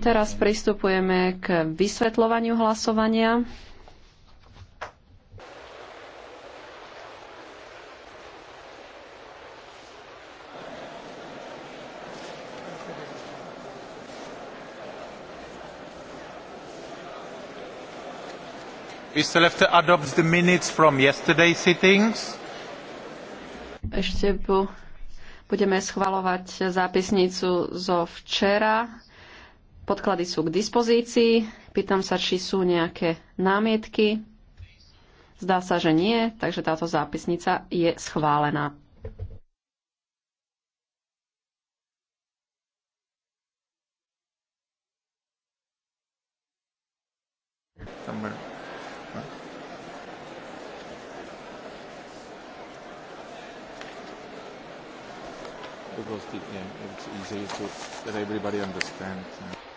Teraz pristupujeme k vysvetľovaniu hlasovania. We still have to adopt the minutes from yesterday's sittings. Ešte po Budeme schvalovať zápisnicu zo včera. Podklady sú k dispozícii. Pýtam sa, či sú nejaké námietky. Zdá sa, že nie, takže táto zápisnica je schválená. Somewhere. because the yeah, it's easy to, that everybody understands. Yeah.